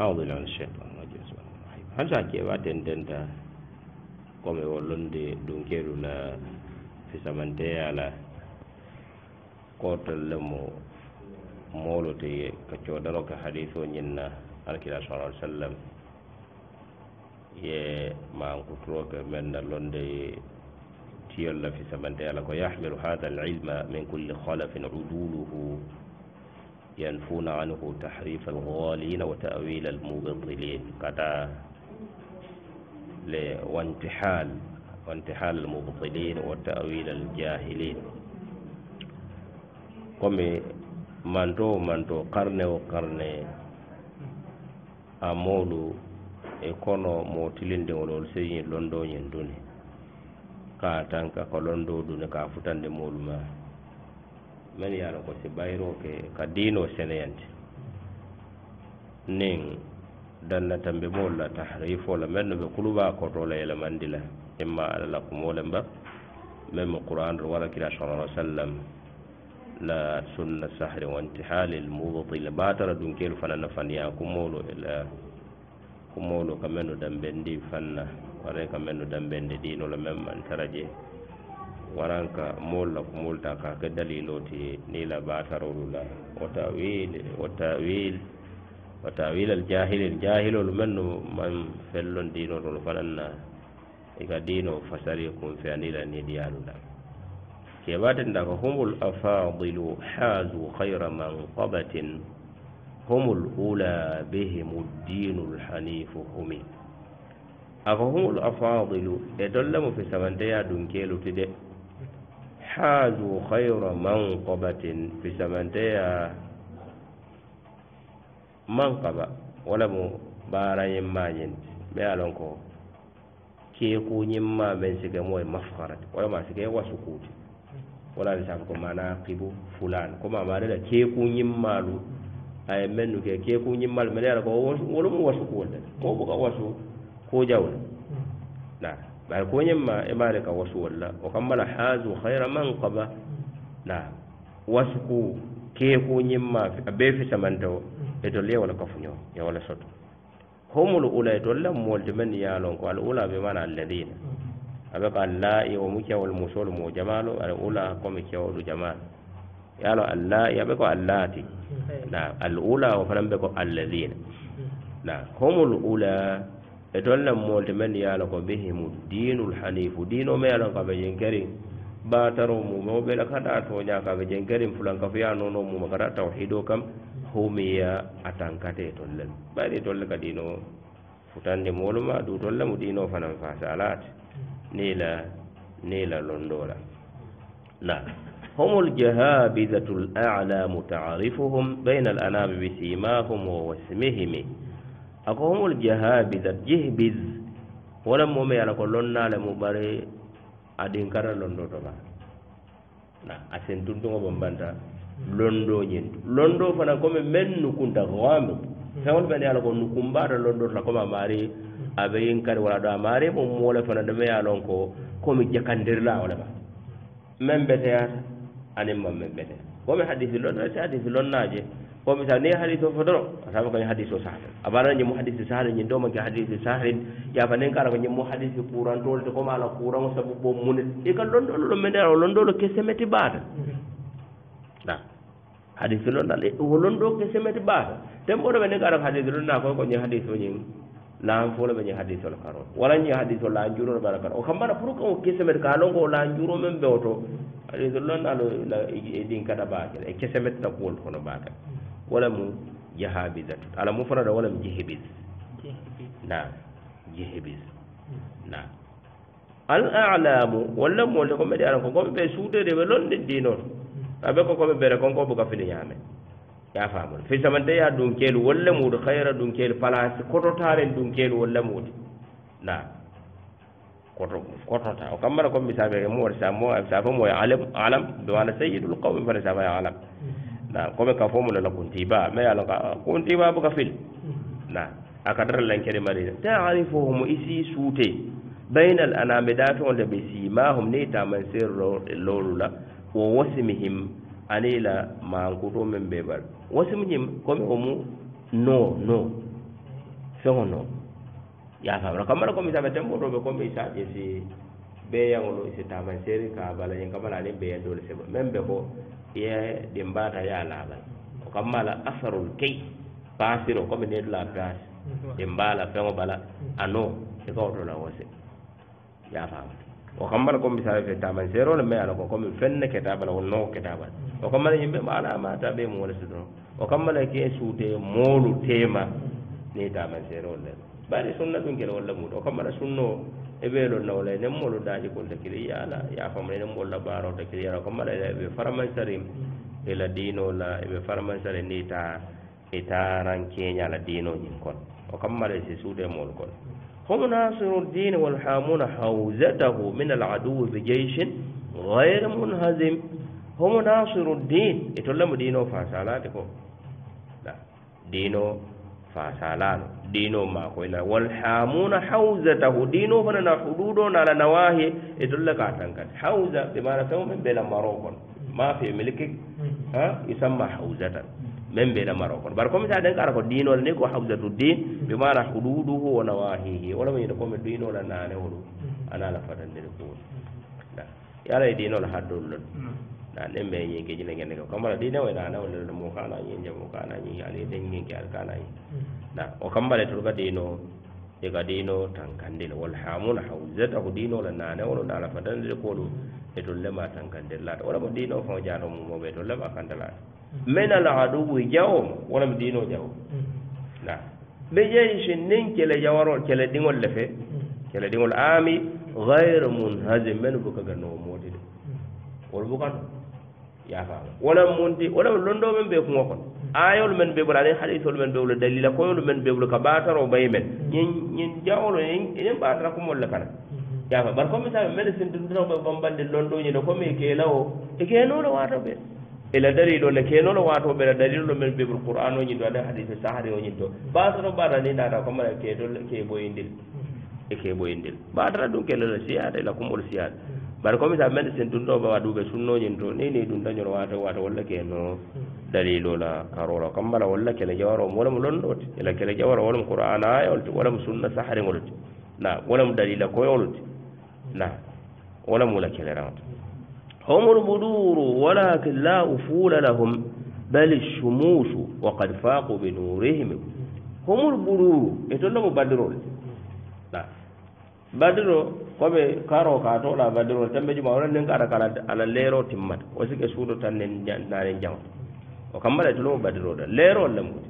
أعوذ بالله من الشيطان الرجيم بسم الله الرحمن الرحيم هل ساكي واتن دندا قومي دون كيرو لا في سمنتي على قوتل لمو مولو تي كتشو دروك حديثو نينا الكلا صلى الله عليه وسلم ما mankuturoɓe men na londe tiyolla في samante ala كو يحمل هذا العلم من كل خلف عدوله yanfuna anhu tahrifa alghalina wa tawila almubatilin kata le wantihal wantihal almubatilin wa tawila aljahilin komi manto o manto karne o karne a molu e kono motilinde wolol seyi londoñin duni ka tanka ko londo dune ka futande molu ma min ye ala ko si bayiroo ke ka diinoo seneyante niŋ danna tambimoolu la tahrifoo la meŋ no be kulubaa kotoo la yelemandi la imma alla la kumoo le mba meŋ mu qur'anr wala kira salaa sallam la sunna sahri wintihali lmubatil baatara dunkeelu fanaŋ na faniyaa kumoolu la kumoolu ka meŋ no dambendi fanna warey ka meŋ no dambendi diino la meŋ mantara je waranka molla ko molta kake dalilo ti nila batarolula wata wiide wata wiil wata wiilal jahilin jahilol menno man fellon dinotol fananna ika dino fasari kum fe anila ni diyaluda kebaten da ko humul afadilu hazu hayra manqabatin humul ula bihim ddinu lhanifu humi aka humul afadilu e dollemo fe samanteya dunkelutide haju hayra manqabatin fi samanteya manqaba wala mo baarayimmañinti mi alon ko keekuñimma men sige mooye mafkarati walama sige wasukuuti wala ni safo ko mana kibu fulan ko mamaɗela keekuñimmalu aye mennu ke keekuñimmalu mene ala ko wolumu wasukuwol de ko buka wasu ko jawle na bari ko ñemma e maare ka wasu walla o kam mala haasu hayra man qaba naam wasu ko keeko ñimma a bee fisamanta o e dolle ye wala kafuñoo ye wala soto homol ula e tolla moolde men yaalon ko al ula be mana alladina aɓe ko allai o mu cewol musol mo jamalo ara ula comme cewolu jamalo yaalo allai aɓe ko allati naam al ula o fanan ɓe ko alladina naam homol ula e toon lem molte men ye ala ko ɓehimu dinul hanifu dino ma alan kaɓe jenkerin ɓataro mume o ɓela kata toña kaɓe jenkerin fulanka fo ya nono mume kata tawhido kam humiya a tankate e toon lem ɓayri e toon le ka dino futande moluma du toon lemu dino fanan fasalate nila nila londola na hum ljahabizatu lala mutarifuhum bayna al anami bisimahum wa wasmihimi ako homol jahabisa jihbis wolan mome ala ko lonnale mu bare aɗinkara londotoma na a sentuntuŋo bambanta londo ñentu londo fana comme men nukunta gami fewol hmm. ɓene ala ko nukumbaata londotola comme a maari hmm. abeyinkari wala ɗo a maari mo moole fana ɗome ya lon ko comme jakandirla olema men beteyata anin man men beteya comme hadisi londo si hadisi lonnaje komi sa ne hadis o fodoro a sabi koye hadis o sahata abaɗana ñimmo hadise sahaten ñin domanke hadise sahaten yafa nen kala ko ñimmo hadise courantole te koma ala courant o sabu ɓo mune ika londolo lo mene o londolo kesemeti baata a hadise londal e o londo kesemeti baata tem ɓoɗo ɓe nen kala ko hadise londa koy ko ñi hadise o ñin lan fo loɓe ñi hadise ola karo wala ñi hadise o lan juuro ɓe ala karo o kambana pour kao kesemeti ka longo o lan juuro men ɓe oto hadise londalo e, e ɗin kada bakel e kesemeti ta kuwol kono bakel wala mu jahabisatu ala mu fanata wala mu jehibis nam jehibis hmm. nam al alamu walla molde ko mbeɗe aran ko komɓe ɓe suudede ɓe londe dinoto hmm. aɓe ko koɓe ɓere konko buga fini ñaame ya famuna fi samanteya ɗum keelu walla muɗe hayra ɗum keelu place kototaren ɗum keelu walla muɗe nam koto kotota o kammara comme misaɓe mu wata sa mo sa fo mo alam alam ɓe wana sayidul qawmi fana safa alam hmm. kome ka fo mu nana kuntiba ma ye lonka kuntiba buka fil na a kadara lankere marina taarifuhum isi suute bayna al aname daton le ɓe simahum ne taman ser lolu la wo wasimihim ani la mankuto men ɓe bar wasimihim kome o mu no no feo no yafamra kamara komi sabe tembotoɓe komi sa ƴesi bee yaŋolu i si taama seeri ka a bala ñiŋ kamala aniŋ beeyaŋ doolu sema meŋ be ko i ye dimbaata ye a la a bala o kam ma la asarul key paasiro comme nee dula paas dimbaa la feŋo bala ano i ka woto la wose ye a faama o kam ma la comme misaali fe taama seero le mai a la ko comme feŋ ne ketaa bala wo noo ketaa bala o kam ma la ñiŋ be maala maata bee moo le si doroŋ o kam ma la ke suute moolu teema niŋ taama seeroolu le bari sunna duŋ kele wolla muuto o kam ma la sunnoo e ɓeeɗon nawla e nemmolo daaji kol takiri yaala yaafama e nemmol labaaro takiri yaala ko mbaɗa eɓe farmansari ela diinola eɓe farmansari ndi ta e taran keeñala diinoñin kon o kam mbaɗa e si suudemol kon hum nasiru ddine walhamuna hawzatahu min al aduwi bi jeicin gayre munhazim hum nasiru ddin e tollemo diino fa salade ko diino faasaalaano diinoo maako ina walhaamuuna hawzatahu diinoo fana na huduudo na ala nawaahi e dolla kaa tan kadi hawsa ɓe maana fewo men mbeela maro kon maafe milki ha isamma hawsa tan men mbeela maro kon bar comme sa den kaara ko diinoola ni ko hawsatu din ɓe maana huduudu hu o nawaahi hi wala mo yiita kome diinoola naane holu ana ala fatandiri kuwon a e ala e diinoola haddollol ɗen ɓe ñiŋkejine e gende ko kambala ɗi nawe nana wallelno mo kanañi jamo kanañi ali ɗen ñiŋke ar kanañi mm. na o kambale turga ɗino ega ɗino tankandel wol hamuna haw zeta ko ɗinola nane wolo nala fadandir koɗo e to lema tankandel laata wolamo ɗino fa jato mumoɓe to lema kandalaata min mm. alhadubu jawom wolami ɗino jawo mm. na mi jeyi si nin kele jawarol kele ɗiŋol lefe kele ɗiŋol aami gayre munhasi min bukaga no motide wol bukano yafaama wala munti wala londo men be kuŋo kono ayolu men be bulu aniŋ hadisolu men be bulu dalila koyolu men be bulu ka baataroo bayi men ñiŋ ñiŋ jaŋolu ñiŋ baatara kumolu le kana yaafa bari comme misaalu mene sintintaŋo be bambandi londoo ñine comme i kee la wo i kee noo la waato be e ila dalilo le keno lo wato ɓeɗa dalilo men ɓeɓol qur'an o ñin ɗo aɗa hadise sahari o ñin ɗo basoro mbaɗa ni nata commana keɗol ke boyindil e ke ɓoyindil mbaɗata ɗum kelelo siyaade la kumol siyaade bar comme sa médecine ɗum ɗo bawa duɓe sunnoñin to nini ɗum dañol wata wata wallake no dalilola karola kam mbala walla kele jawaromo walamo lonnoote ila kele jawaro walamo qouran ayolte walamo sunna saharigolte na walamo dalila koyolte na walamola kele rata homol buduru walakin la ufula lahum bal shumusu wa qad faqu bi nurihim homol buduru e tolnomo badirolte na badiro koɓe karo ka tola badiro tembe juma ona nden kara kala ala lero timmata o sike suudo tan ne nane jamata o kambaɗa tolo mo badiro ɗa lero lemmude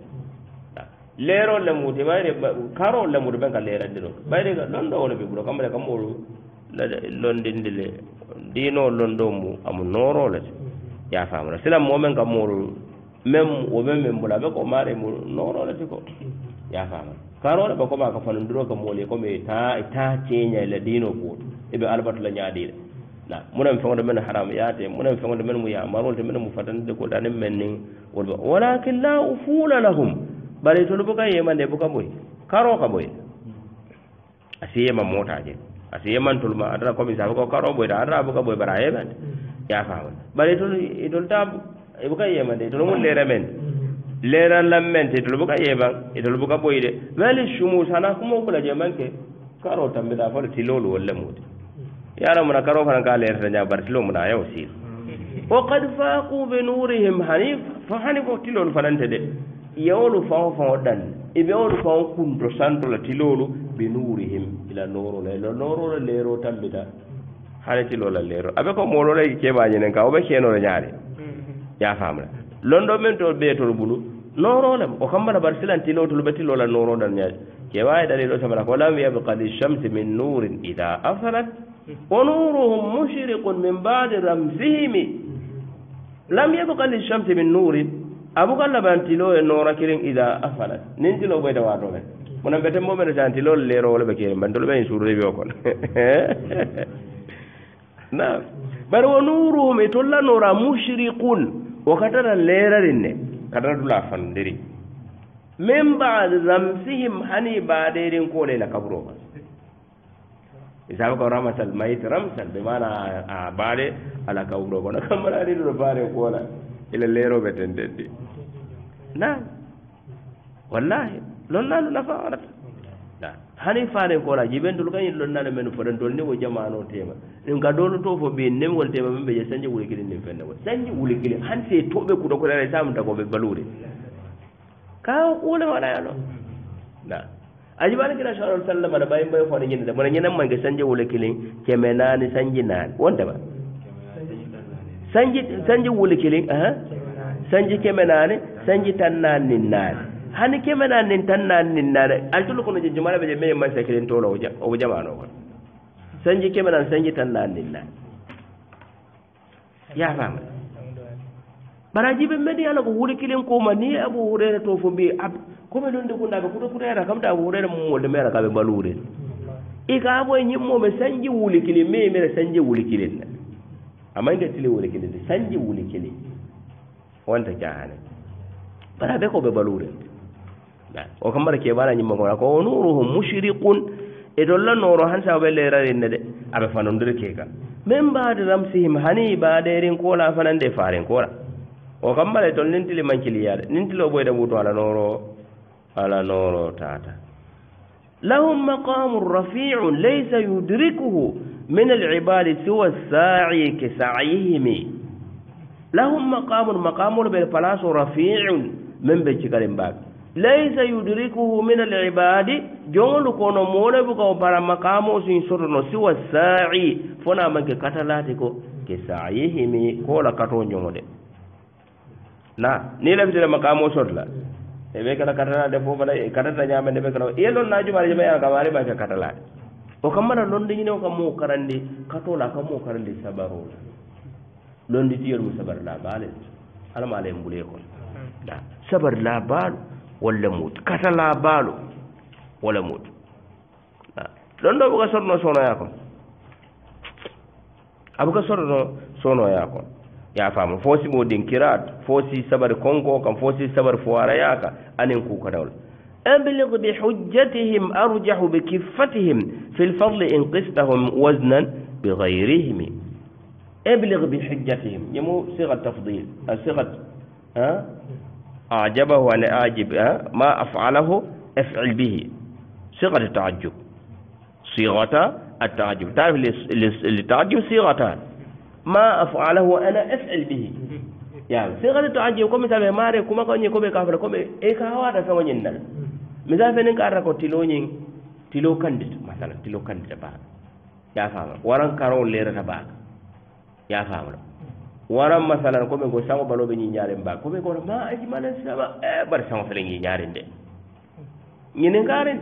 lero lemmude ɓayde karo lemmude ɓen ka leradiro ɓayde londo ono ɓiɓɓuɗo kambaɗa kam oɗo londindi le ndino londo mu amo norolete yafamata silam momen kam moɗo mem o men men mbula ɓe ko mari mo norolete ko yafamata karoore ba koma ka fanondiro ka moole comme e ta e ta ceeña la diino gooto e ɓe albatu la ñaadiile na munen feŋode men haram yaate munen feŋode men mu ya marolte mene mu fatanide gol tanin men nin wol ba walakin la ufuula lahum bare tolu boka yemande boka boy karo ka boy a siyema mootaje a siyeman tolu ma adana comme sa foko karo boyta adana boka boy bara yemande yafamon bare tolu e tolu ta e boka yemande e tolu mun lere men mm -hmm. leeran lammente itolu buka yeeban itolu buka ɓoyi de wali sumus hana kumoo fula jeemanke karo tambita fole tilolu wolle muude yaro muna karo fana ka leerata ña bar tilo muna yaw siil wa kad faaku be nurihim hani hani fo tilolu fanante de yawolu fao fao ɗan iɓe olu fao kunto santola tilolu be nurihim ila norola ila norola leero tambita hani tilola leero aɓe ko moolo ɗa keɓañinen ka oɓe keenoro ñaade mm-hmm. yafamra londo men to ɓeetol bulu norolem o kammala bar silantino tolu ɓatilola norodal ñaaji ke waawi ɗaliɗo samara ko lam yabqa li chamse min nurin ida afsalat o nuruhum mushriqun min baadi ramsihimi lam yabqa li chamse min nurin abukallabantilo e norakirin ida afalat nin tilo ɓoyta waato men munan ɓe tembo mene santilol lerowole ɓe kirin mbantolu ɓe surrewi o kon nam bari o nuruhum e tollanora mushriqun wo katara leerarin ne katara dula fandiri min bad zamsihim hani baaderin koolela kaburo ma isaabi ko ramasal mayit ramsal be mana a baade ala kaburo kono kamaraniɗoɗo baade koola ila leeroɓe tendendi naam wallahi lonnalu nafa warata naam hani fane kola jiben dol kan yillon nana men foden dol ni wo jamano tema nin ga dolo to fo bin nem wol tema be je sanje wuli kili nin fenne wo sanje wuli kili han se to be kudo kola sa mun tagobe balure ka wole wala yano na ajibani kila sallallahu alaihi wasallam da bayin bayin fodi nyina da mun nyina man ga sanje wuli kili keme nani sanje nani wonde ba sanje sanje wuli kili eh sanje keme nani sanje tan nani nani hani kemena nin tan na nin nare altulu kono je jumala beje meye man sekiren tolo o jamano kon sanji kemena sanji tan na nin nare ya fama baraji be medi ala ko wuri kilin ko ma ni abu hurere to fo bi ab ko me londi kunda be kudo kudera kam ta abu hurere mo wolde mera kabe balure e ka abo e nyimmo be sanji wuri kilin me mera sanji wuri kilin na amma inde tile wuri kilin sanji wuri kilin wonta jahane baraji be ko be balure o kam mbara keɓaala ñimmakoa ko o nuruhu mushriqun e dolla nooro han sa ɓe leraren ne de aɓe fanondire keega min mbaade ramsihim hani ibaɗerin koola fanande e faren koola o kam mbara e toon nintili mankiliyaade nintili o ɓoyda wuto ala nooro ala nooro tata lahum maqamun rafiun laysa yudrikuhu min alibadi siwa sa'i ke sa'yihimi lahum maqamun maqamol ɓe place rafiun min ɓe cikalin mbaake laysa yudrikuhu min alibadi jonlu kono moɗoɓukao bara makamo sin sotono siwa saa'i fona manke katalati ko ke sayihimi kola kato jongode na ni labitere makamo sotla eɓe kata katalade fo fana e katata ñamede ɓe kata iye lon najumare jama yakamari manke katalade o kam mata londiñine o kam mo karandi katola kam mo karandi sabarola londitiyolmo sabar la baale alama ala mbule kon hmm. sabar la baalo ولا موت كتلا بالو ولا موت لندو بغا سورنو سونو ياكون ابغا سورنو سونو ياكون يا فاهم فوسي مودين كيرات فوسي صبر كونغو كم فوسي صبر فوارا ياكا انين كوكا دول ابلغ بحجتهم ارجح بكفتهم في الفضل ان قستهم وزنا بغيرهم ابلغ بحجتهم يمو صيغه تفضيل آه، صيغه ها آه؟ ajabahu wa laajiba eh, ma afalahu afil bihi sigata taajub sigata ataajub taarif li taajub sigatan ma afalahu ana afil bihi yaam sigata taajub comme misal ɓe maare kuma ko ñi koɓe kafata koɓe e ka waata fego ñinnal misal fe nin ka arata ko tilooñin tilo kandita masalan tilo kandita baaka yafaamala waran karoo lerata baaka yafaamala waran masalan ko ɓen ko sango baloɓe ñiñaren mbaa ko ɓen ko ma aji mala sama e eh, bare sango fele ñiñaren de ñinen garen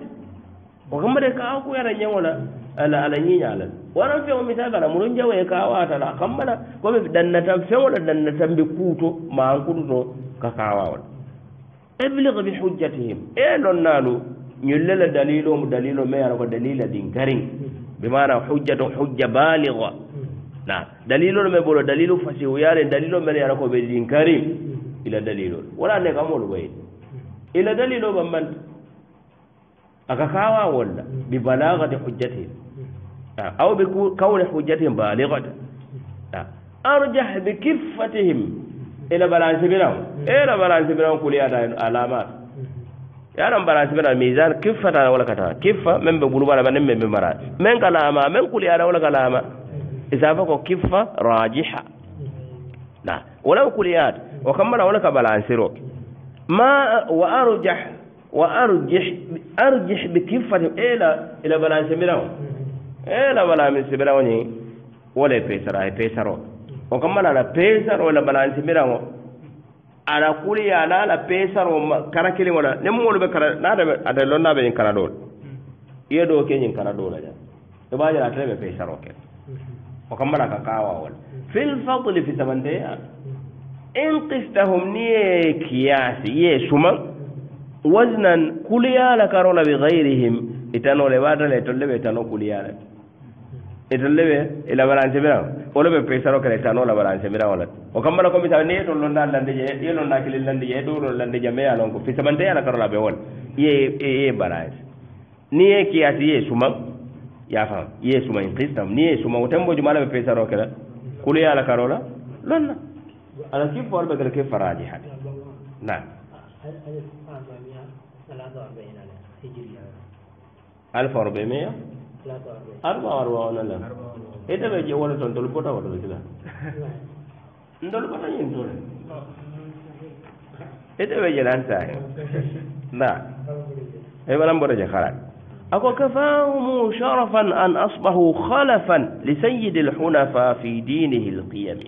o kammade ka kuyata ñagola ala ala ñiñalal waran fewo misagala muɗon jawoye ka watala kammana ko ɓe dannata fewola dannatan ɓe kuuto ma ankudu to ka kawawol ebliq bi hujjatihim e lonnalu ñullela dalilomo dalilo me ara ko dalila ɗin karin bimana hujjatu hujja baligua na dalilol me bolo dalilu fasihuyale dalilo mene yara koɓe linkari ila dalilol wala ne kamol wayi ila dalilo bambanta aka kawa wolla bi balagati hujjatin aw bi kawle hujjatin baligate arjah bi kiffatihim ila balance bina ila balance bina kuliyata alamat yaran balance bina misan kiffata wala kata kiffa men ɓe ɓurubaɗa ba nen men ɓe mara men ka laama men kuliyata wala ka laama isafa ko kiffa rajiha na wala kuliyat o kammala wala ka balansiro ma wa arjah wa arjih arjih bi kiffati ela ila balansi mirao ela balamisi mirao ni wala pesara e pesaro o kammala la pesaro la balansi mirao ala kuliya la la pesaro kara kili wala ne mulu be kara na de ata lonna be kara do yedo kenyin kara do la ya e baaje la tebe pesaro ke okay. ko kammara ka kaawaawol filfadle fi samanteya inkistahum niye kiyaasi ye suma wasnan kuliyaala karola bi gayrihim itanole waatale tolle ɓe tano kuliyaala etolle ɓe ila balance mira wolo ɓe pesaro kele tano la balance mira wala o kammara comme sa niye tol londa lande je ye londa kili lande je ɗoro lande jame ya lon ko fi samanteyala karola ɓe wol ye ye balance niye kiyaasi ye sumang yaafam i ye suma in xistam ni ye suma wo tenbo jumala ɓe peesaro kela kulu ye alakaro la lonna ala ki fowal ɓe gala ke faradi hade na alfa arbe meya arba arba ona la itaɓe je wala toon dolu bota wata sila ndolu bota ñin tuure itaɓe jenan taye na e walan mbota je xalat كفاهم شرفا أن أصبحوا خلفا لسيد الحنفاء في دينه القيم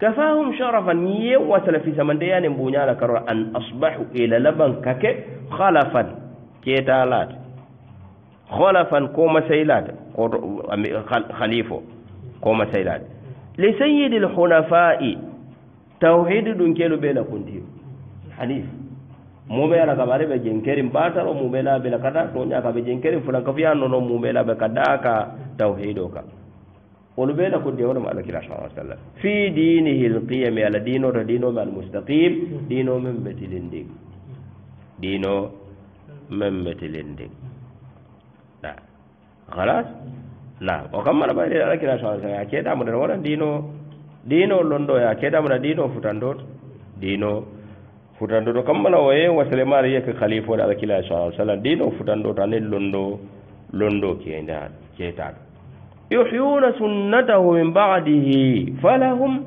كفاهم شرفا يو في زمن ديان بنيانا كرر أن أصبحوا إلى لبن كك خلفا كيتالات خلفا كوما سيلات خليفه كوما سيلات لسيد الحنفاء توحيد دنكيلو بين كنتيو حنيف mumela kabare be jenkerin batalo mumela bela kada tonya ka be jenkerin fulan ka fiyan nono mumela be kada ka tauhido ka wol bela ko de wala malaki rasul sallallahu alaihi wasallam fi dinihi alqiyam ala dino ta dino ma almustaqim dino mem betilinde dino mem betilinde da khalas na o kamara bare ala kira sallallahu alaihi wasallam ya keda mo dino dino londo ya keda mo dino futandot dino futando e to kamma na woye wasalemaari ye ke khalifo de alakilahi sa ai sallam dino futando to ani londo londo kenda ketaɗo yuhyuna sunnatahu min baadihi falahum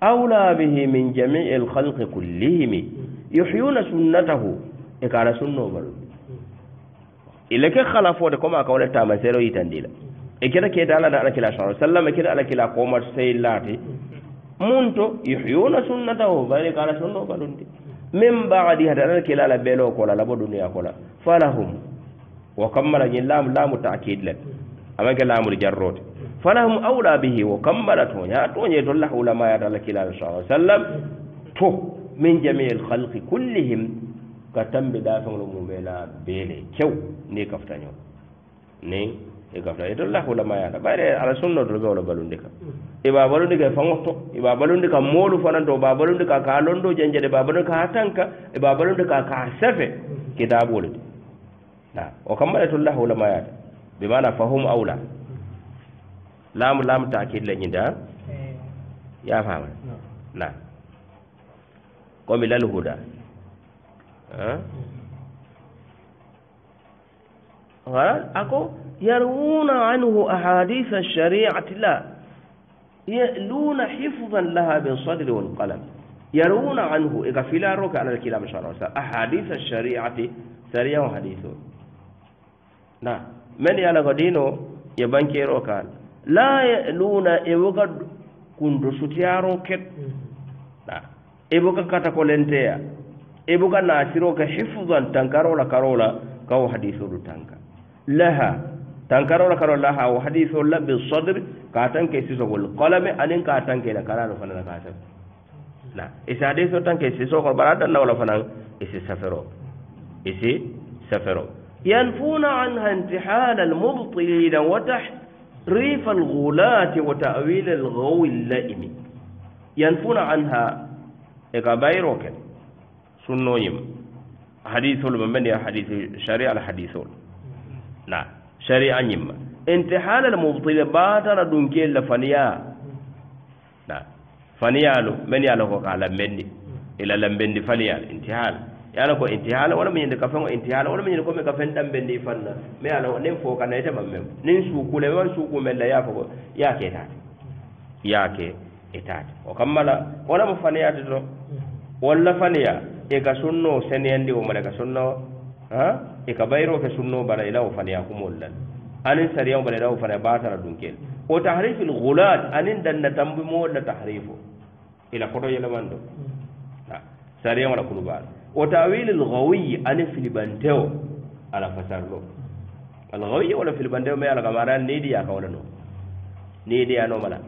awla bihi min jamii alkhalqi kullihimi yuhyuna sunnatahu e kara sunno baru ila ke khalafo de koma kawle tama sero yitandila e kira ketala da alakilahi sa ai sallam e kira alakila komat sey laati munto yuhyuna sunnatahu bari kala sunno balundi min baadi hata nan kilala belo ko la labo dunya ko la falahum wa kammala ni lam lamu ta'kid la amma ke lamu jarrot falahum awla bihi wa kammala to ya to ni to la ulama ya dalla kilala sallallahu alaihi wasallam to min jami'il khalqi kullihim ka tambi da fa mun bela bele kew ne kaftanyo ne e gafla e tolla hula mayala bayre ala sunna to gawla balunde kam e ba balunde ka fangoto e ba balunde ka molu fananto e ba balunde ka ka londo janje de ba balunde ka hatanka e ba balunde ka ka sefe kitabule de na o kam mala tolla hula mayala be mana fahum aula lam lam ta kid le nyinda ya fama na ko mi lal huda ha ha mm-hmm. ako يروون عنه أحاديث الشريعة لا يألون حفظا لها بالصدر والقلم يروون عنه إذا في لا روك على الكلام شرع أحاديث الشريعة سريع وحديثه نعم من يالا يبان كيرو كان لا يألون إوغد كندو ستيارو كت نعم إبوكا كتاكولنتيا إبوكا ناسيروكا كحفظا تنكارولا كارولا كو حديثه تنكا لها tankarola karolla ha o hadisolla be sodre ka tanke sisogol kolame anin ka tanke la karano fanana ka tan na isi hadiso tanke sisogol bara dan nawla fanan isi safero isi safero ينفون عنها انتحال المبطلين وتحريف الغلاة وتأويل الغوي اللئم ينفون عنها إقابيرو كان سنويم حديث المبني حديث شريع الحديث نعم sharia ñimma intihalal mubtile batara ɗum kella faniya a faniyalu men yaala ko ka lambendi ila lambendi faniyal intihal yaala ko intihala wala miñinde kafeo intihala wala miñinde komi kafen ɗambendi fanna mi yaala ko nin fookanaitaman men nin suukule wan suukumella yaa fo ko yaake taate yaake itaate o kam mala wala mo faniyaade to walla faniya e ga sunno seniyandi womone ga sunno ha e ka bayro ke sunno bara ila fani akumol lan anin sariya bara ila fani batara dunkel o tahrifil ghulat anin danna tambi mo la tahrifu ila kodo yelemando sariya wala kulubal o tawilil ghawi anin filibanteo ala fasarlo al ghawi wala filibanteo me ala kamara nidi ya kawla no nidi ya no mala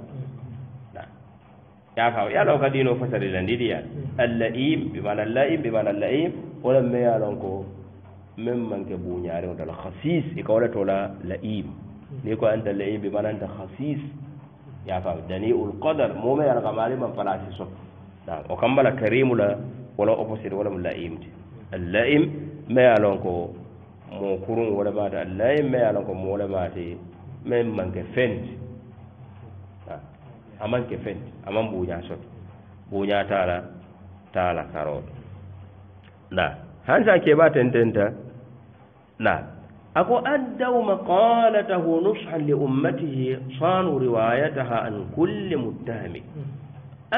ya kawo ya lauka dino fasari da nidi ya al-la'im bi ma'ana al-la'im bi ma'ana al-la'im wala me ya lonko men manke buñarewotala hasis i kawle tola laim ni ko anta laim be mananta hasis yafam danil qadar mome yarkamari man palasi so o kambala karimu la wala opposite walam laimti allaim maya lon ko mo kurun wolemate allaim maya lon ko molemate men manke fenti amanke fenti aman buña sot buña tala tala karoɗo da hansa keɓa tententa لا أكو أدوا مقالته نصحا لأمته صانوا روايتها عن كل متهم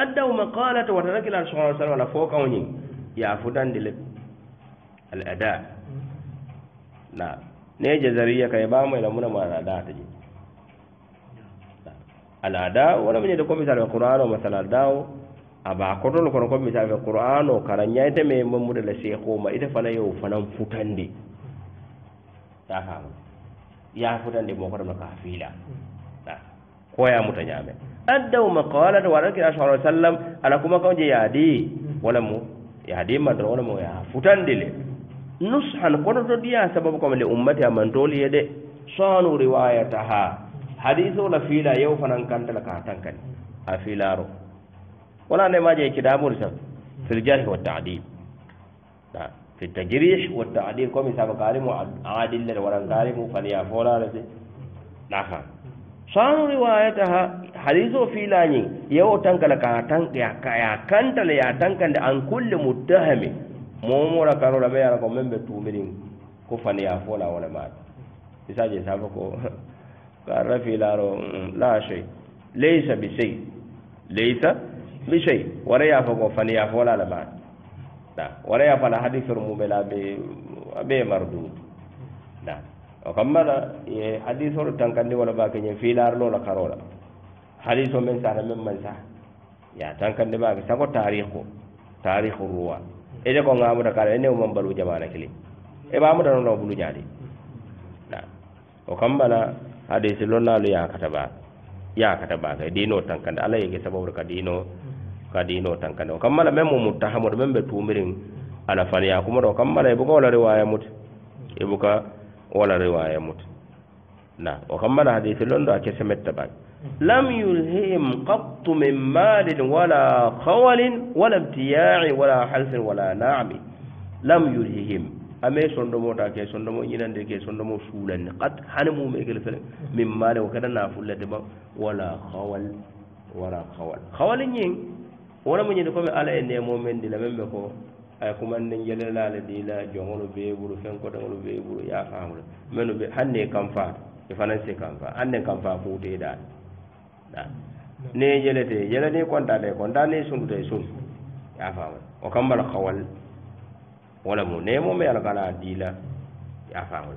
أدوا مقالته وترك الله صلى الله عليه وسلم على فوق ونين يا فدان دلت الأداء نعم نيجا زرية كيبامو إلى منا مال الأداء تجي الأداء ولا من يدكم مثال القرآن ومثال الأداء أبا كرون لكم مثال القرآن وكرنيا يتمي من مدل الشيخ إذا فلا يوفنا فتندي yaa faamu yaafutande mooko tam no kaa fiila mm. koya muta ñaame addaw ma qalata waɗa kira sa ai sallam ala kuma kam je yaadi mm. wala mo yaadi madoro wala mo yaafutande le mm. nushan koto to ɗiya sababu kam le ummati a mantoolu ye de soanu riwayataha hadise ola fiila yew fanan kantala kaa tankani a fiilaaro wala ne maje kitaburi sa fil jarhi wa taadim naa في التجريح والتعديل كومي سابق عالمو عادل للوران كالمو فنيا فولا لسي نحا نعم. شانو روايتها حديثو في لاني يو تنك لكا تنك يا كانت ليا تنك عن كل متهم مومو ركارو لبيا ركو ممب تومرين كو فنيا فولا ولمات يساجي سابقو قال في لارو لا شيء ليس بشيء ليس بشيء ولا يفوق فني يفوق على بعض nam wala ya fana hadisor mumela ɓe aɓe mardudu nam o kam mala ye hadisoro tankandi wala bake ñe filarlola karola hadiso men sana men man sa ya tankandi bake sago tarihu tarihu rowa ede ko ngamuda kala e newman balu jamana kili e ɓamuda noo bulu ñaadi nam o kam mala hadis lonnalu yakata bake yakata bake dino tankandi alla yege sababu ka dino mm -hmm. kadi no tan kane o kammala men mo muttahamoɗo men ɓe tumirin ala faniyakumoɗo o kammala ibuka e wala riwaya mute ibuka wala riwaya mute na o kammala hadise londo a kese metta bani lam yulhihim qattu min malin wala kawalin wala mtiyaain wala halsin wala naami lam yulhihim ame sondomota ke sondomo ñinande ke sondomo suulanni qat hani mumekel fele min malin o keda nafullede ba wala kawal wala kawal kawali ñing wona mu ñini comme ala e nemo men di la men ɓe ko aya kumanni jelelale di la jongolu beeɓuru fenkotaŋolu beeɓuru ya famula menu ɓe hannde e kam faata e fanan si kam fa annden e kam fa kuute daal daal ne jelete jelani contate conta ne sunndutee sun ya famula o kambala kawal wona mu nemo me ala kala di la ya famula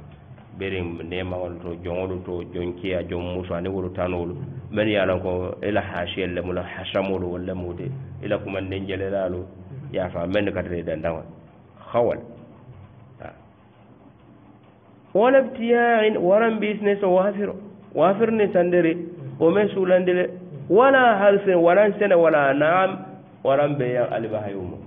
ɓerin nemaol to jongolu to jonkiya jom musu ani wolu tanolu men ye lan ko ila haasiyel lemu la hasamolu wo lemude ila kumanden jelelaalu yaafa men ne katade dandaŋol hawal wala btiyain waran bisineso waafiro waafir ni sandiri wo me suulandile wala harsin waran sene wala naam waran beyan alibahayumo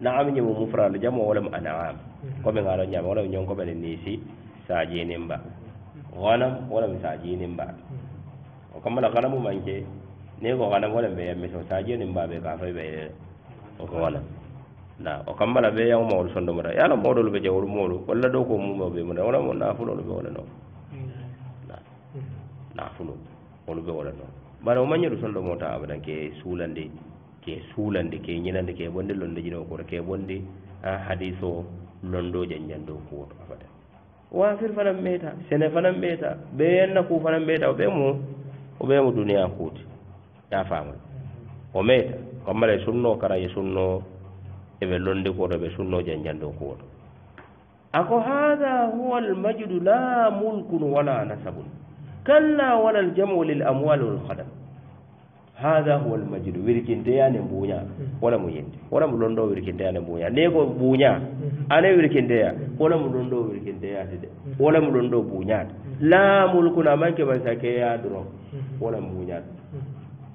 naam ñemo mufrala jamo wolem a naam komi ŋalo ñaama wolam ñonkoɓene niisi saajinin ba wanam wolam saajinin ba o kamma la ganamu manke ni ko ganamu wala mbe yamme so saji ni mbabe ka fay be o ko wala na o kamma la be yawmo wol sondo mo da yalo modol be jawru modu walla do ko mum be mo da wala mo nafulo be wala no na nafulo wol be wala no bara o manye do sondo mo ta abadan ke sulande ke sulande ke nyinande ke bonde londe jino ko ke bonde ha ah, hadiso londo janjando ko abadan wa fir fanam meta sene fanam meta be yanna ku fanam meta be mu o ɓeemo duniya kuuti yafaama o meyta kammala e sunnoo kara ye sunnoo e ɓe lonndi kooto ɓe sunnoo janjanndo kuwoto ako haaha huwa almajudu laa mulkun wala nasabun kalla wala aljamu walil amwali walkadame hada huwa almajidu wirkindeyane mbuña wona mo mm-hmm. yende wona mo londo wirkindeyane mbuña ne ko mbuña mm-hmm. ane wirkindeya wona mo londo wirkindeyade de wona mo londo buñade laamol kuna manke masakeya doron wona muñade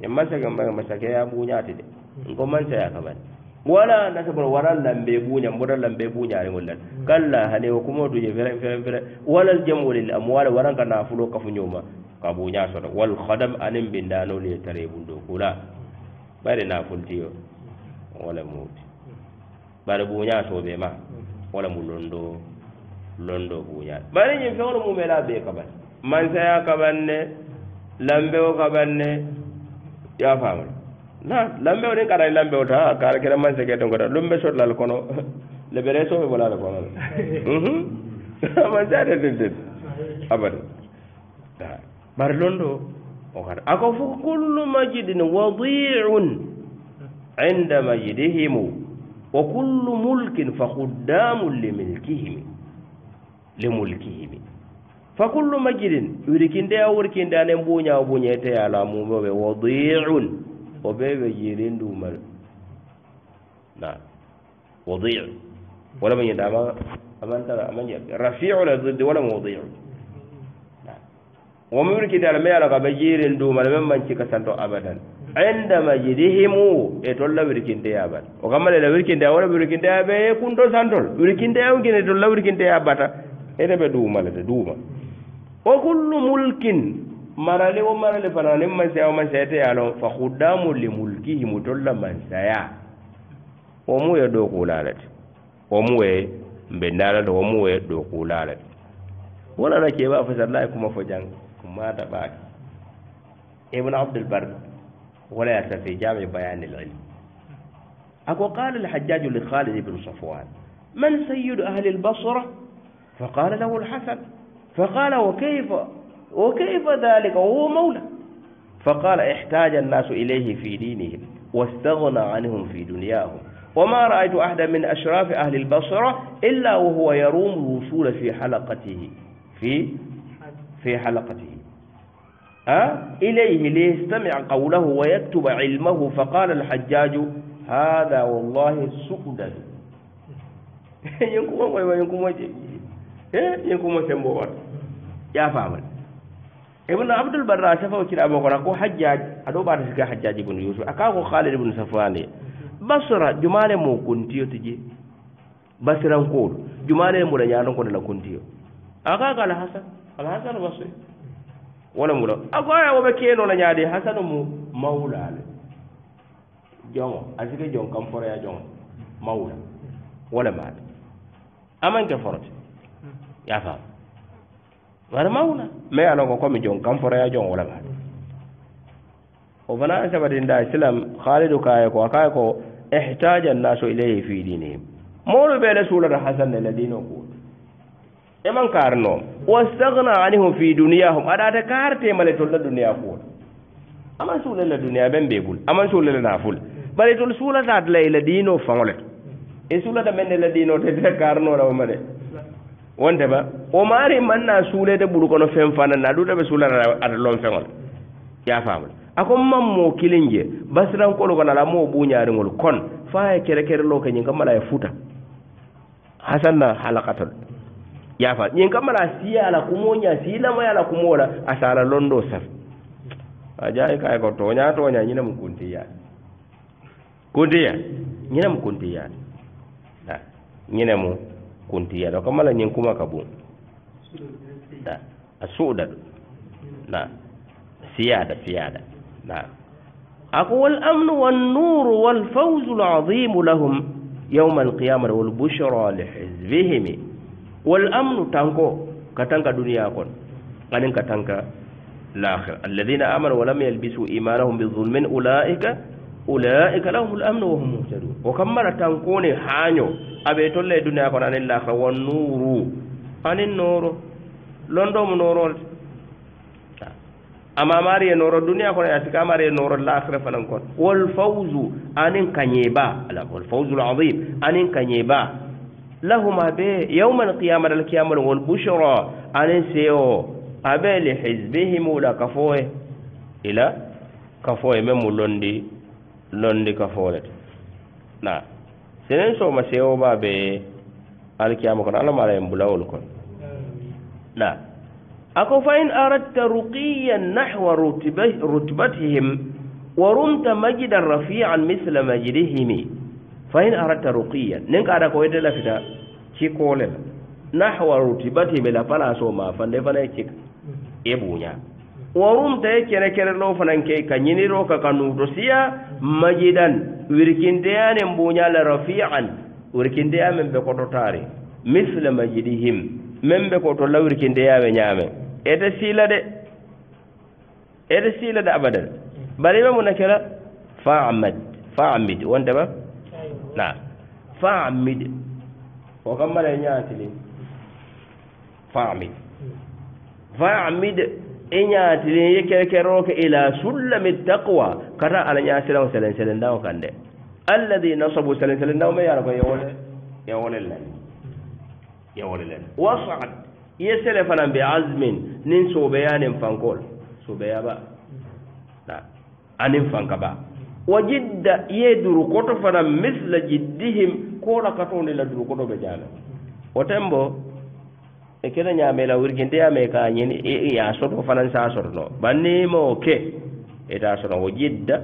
e masake masakeya mbuñade de ko mansaya kamani wala nasabono wara lambe buña mboɗa lambe buñare gollan mm-hmm. kalla hane wo kumo duje fere fere fere walal jamwolel amo wala waranka nafulo kafuñoma kabuña soto wal hadam anin bindanoolu ye tara bundo kula bare nafultiyo wala muti bare buña sobe ma wala mu londo londo buña bare ñin feŋono mumela be kaban mansaya kaban ne lambewo kaban ne ya famal na lambewo nin karani lambewo ta kara kere manse keten kota lumbe sotlal kono lebere sobe bolala kono mhm. mansaya de tentet abada bare loon ɗo o kata ako fof kullu majidin wadiun inda majidihimu wa kullu mulkin fa quddamun li milkihimi li mulkihimi fa kullu majidin wirkinde a wirkinde ane mbuña o buñeteyala mume ɓe wadiun o ɓeɓe jirinndumal na wadiu wala ma ñidama amantara amaje rafiu la zidde wala ma wadiu womuɓir kitala ma ala ka ba jiirin dumala men manci ka santo abadan indama jidihimu e tolla wirkinteya bata o kamma lela wirkinteya wala wirkinteya ɓe e kunto santol wirkinteyam kine tolla wirkinteya bata ene ɓe dumala de duuma wa kullu mulkin marale wo marale fananin mansaya wo mansaya te yalon fa huddamu li mulkihimu tolla mansaya womu ye ɗo kulalate womu we mbendalate womu we ɗo kulalate wala na keɓa fasallahi kuma fo jangga ماذا بعد ابن عبد البر ولا يسأل في جامع بيان العلم أكو قال الحجاج لخالد بن صفوان من سيد أهل البصرة فقال له الحسن فقال وكيف وكيف ذلك وهو مولى فقال احتاج الناس إليه في دينهم واستغنى عنهم في دنياهم وما رأيت أحدا من أشراف أهل البصرة إلا وهو يروم الوصول في حلقته في في حلقته إليه ليستمع قوله ويكتب علمه فقال الحجاج هذا والله سؤدل ينكمينكمتمبوت يا فامل ابن عبد البرا سفوكرابوكنكو حجاج ادو بعد سك حجاج بن يوسف اكاكو خالد بن سفواني بصرة جمال مو كنتيو تجي بصرنكول جمال مو دانيانو كنلا كنتيو اكاك الحسن الحسن بصري wala mula ako aya wo ɓe keenola ñaadi hasanu mu mawulaale jongo a sike jong kam foroya jongo mawula wala maaɓe aman ke forote ya faam wara mawula mais anongo comme jong kam foroya jongo wala maaɓe o fana an sabatinda silam haalidu kaaye ko a kaaye ko ihtaja annaso ilayhi fi dinihim moolu ɓeele suulata hasan ne la diino kuura eman karnoom wastagna anihum fi duniyahum aɗaata kaartemale tol la duniya kuwol aman suulela duniya ɓen ɓe ɓul aman suulela naful bare tol suulataat la ila diino faŋole to e suulata men ne la diino te tita karnoorawoma de wonte ba o maari man na suulede ɓur kono fen fana na ɗuta ɓe suulata ata loon feŋol ya famula a ko man mo kilin je basirankolo kono ala moo ɓuñaariŋol kon faa e kere kere lo ke ñin ka mala e futa hasanna halakatol yafa ñin kam mala siya ala kumo ña silamaya ala kumola a sala londo sar a jayi e kay e ko toña toña ñinamu kuntiyaa kuntiya ñinamu kuntiyaa a ñinamu kuntiya ɗo kam mala ñin kuma ka bum a a suɗa ɗo na siyada fiyada na ako wal amnu wan nuru wal fawzu al azimu lahum yawma al qiyamati wal bushra li hizbihim wal amnu tanko ka tanka duniya kon anin ka tanka lahira alladina amanu walam yalbisu imanahum bizulmin ulaika ulaika lahumul amnu wahum muhtadun o kam mara tankone haño aɓe tolla e duniya kon anin lahira wan nuru anin noro londomo norode ama mari e noro duniya kono ya sika mari e noro lahira fanan kon wal fawzu anin kañeba ala wal fawzu l'adim anin kañeba لهما به يوم القيامة القيامة والبشرى أن سيو أبي لحزبهم ولا كفوه إلى كفوه من لندي لندي كفوه لا سنن سو ما سيو بابي القيامة كن الله ما لا يمبلاول كن نعم أكو فإن أردت رقيا نحو رتبتهم ورمت مجدا رفيعا مثل مجدهم fa in aradta ruqiyan nin ka ada ko wedde lafita cikkoole la nahwa rutibatimi la place o ma fande fana e cika e buña wa rumta e kene kerelo fanan ke ka ñiniro ka ka nuuto siya majidan wirkindeyane buña la rafi'an wirkindeya men be koto taari misle majidihim men be koto la wirkindeyame ñaame ete siila de ete siila de abadan bari ma mu nakela faamad faamid wondema na famid o kam mala e ñaatili famid famid e ñaatili ye kerekeroke ila sullami taqwa kata ala ñaasiraŋo selen selen daŋo kan de alladi nasabu selen selen daŋo ma yara ko yewole yewolel lani yewolelen wasad ye sele fanaŋ be asmin niŋ suubeyaniŋ fankol suubeyaba aniŋ fankaba wa jidda yeeduru koto fana misla jiddihim koola katoonde ladduru koto ɓe jaano o tem bo e kene ñaamela wirgindeyame ka ñin ya e, e, e, soto fanan sa sotono banniimo ke eta sono wo jidda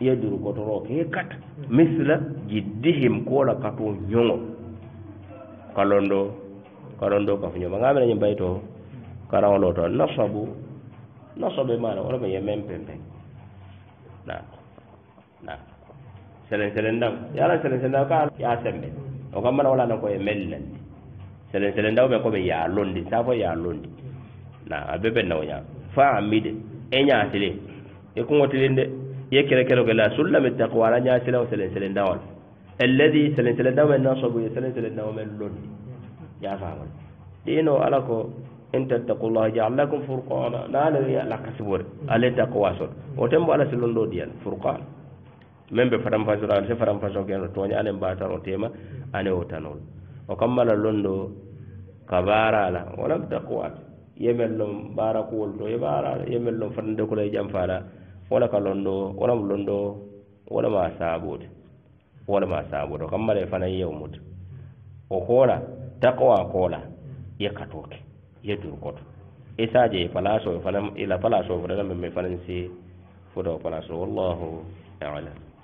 yeduru kotoro ke kat misla jiddihim koola katoo ñoŋo kalondo kalondo kafu ñoma ngaame nañi mbay to karaŋolo to nasabu nasabe maana wona ma ye men pempen naa selen selen ndaw ye ala selen selen ndaw ka ya sembe o kam mana wala na ko e mel nandi selen selen ndaw be ko be ya londi sa fo ya londi na a be be naw ya fa amide e nya tile e ko ngotile nde ye kere kere ko la sulla mi taqwa la nya tile o selen selen ndaw alladhi selen selen ndaw men nasobu ye selen selen ndaw men londi ya fa wal dino ala ko in tattaqullaha ja'al lakum furqana na ala ya la kasbur ala taqwa sol o tembo ala selon ndo diyan furqana même ɓe faramfasor ano se faramfaso keno tooña anen mbataro tema ane o tanol o kammala londo ka baarala wonam takkuwat yemel lon mbara kuwol to ye baarala yemel lon fatande kola e jam faala wona ka londo wonam londo wolama saabude wolama saabude o kammala e fana yewmuta o koola takkuwa koola ye katoke ye durkoto e saje e palaceo e fana ila palaceo fotanamemme fanan si foto o palaceo wallahu alam